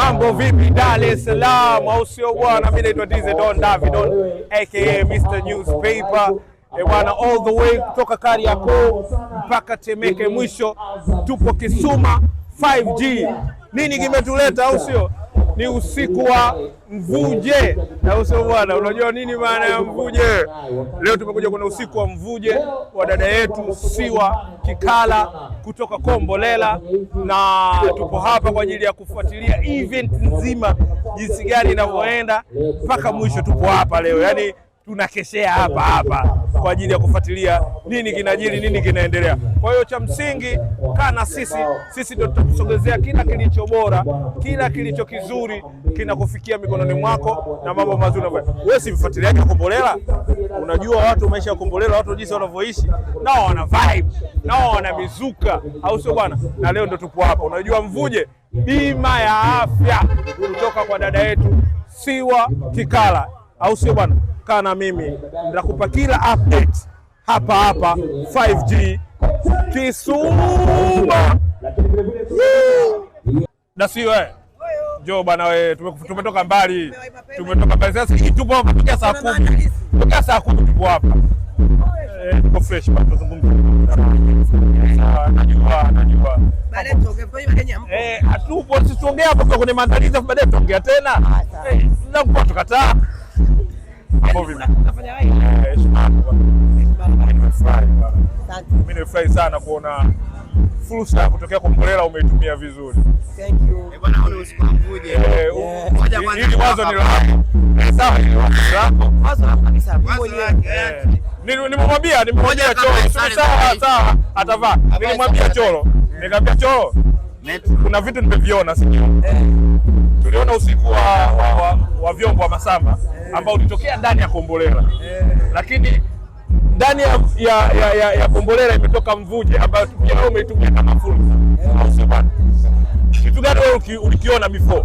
Mambo vipi Dar es Salaam, au sio bwana? Mimi naitwa DJ Don Don aka Mr Newspaper. E bwana, all the way kutoka Kariakoo mpaka Temeke mwisho, tupo Kisuma 5G. Nini kimetuleta au sio? ni usiku wa mvuje na usio bwana. Unajua nini maana ya mvuje? Leo tumekuja kuna usiku wa mvuje wa dada yetu Siwa Kikala kutoka Kombolela, na tupo hapa kwa ajili ya kufuatilia event nzima jinsi gani inavyoenda mpaka mwisho. Tupo hapa leo yani tunakeshea hapa hapa kwa ajili ya kufuatilia nini kinajiri, nini kinaendelea. Kwa hiyo cha msingi, kaa na sisi, sisi ndio tutakusogezea kila kilicho bora, kila kilicho kizuri kinakufikia mikononi mwako na mambo mazuri. Wewe si mfuatiliaji wa Kombolela, unajua watu maisha ya Kombolela, watu jinsi wanavyoishi, nao wana vibe, nao wana mizuka, au sio bwana? Na leo ndio tupo hapa, unajua mvuje bima ya afya kutoka kwa dada yetu Siwa Kikala, au sio bwana? kaa na mimi, nitakupa kila update hapa hapa 5G Kisumba. Kisuma. Dasiwe eh? jo bana, we tumetoka mbali, tumetoka mbali. Sasa hii tupo hapa tokea saa kumi, tokea saa kumi tupo hapa eh, tuko fresh, tuzungumze najua najua eh, hatupo, tuongea hapo kwenye maandalizi, baadaye tuongea tena, kwa tukataa mimi nimefurahi sana kuona fursa ya kutokea kwa umeitumia vizuri. Thank you. Eh, bwana usiku mvuje. Hili Nimemwambia nimemwambia Cholo. Sawa sawa atavaa. Nilimwambia Cholo. Nikamwambia Cholo. Kuna vitu nimeviona sio? Eh. Tuliona usiku wa wa vyombo wa Masamba ambao ulitokea ndani ya Kombolela, lakini ndani ya, ya, ya, ya, ya Kombolela imetoka mvuje ambayo wewe umeitumia kama fursa, au Kitu gani wewe ulikiona before?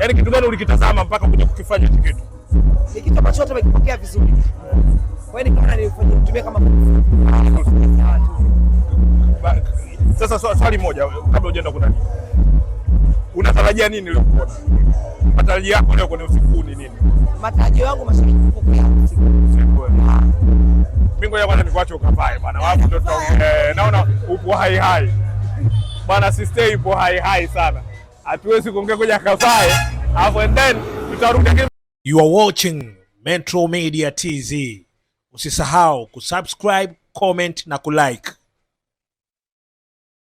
Yaani kitu gani ulikitazama mpaka kuja kukifanya hicho kitu? Ni kitu ambacho watu wamekipokea vizuri. Kwa hiyo nikaona nitumie kama sasa. Swali moja kabla hujaenda, kuna nini unatarajia nini leo kuona Matarajio yako leo kwenye usiku ni nini? Matarajio yangu mashabiki Ngoja kwanza nikuache ukavae bwana, wapo ndio tutaongea. Eh. Eh, naona upo hai hai bwana, si stay ipo hai hai sana, hatuwezi kuongea. Ngoja kavae hapo and then tutarudi. You are watching Metro Media TV. usisahau kusubscribe, comment na kulike.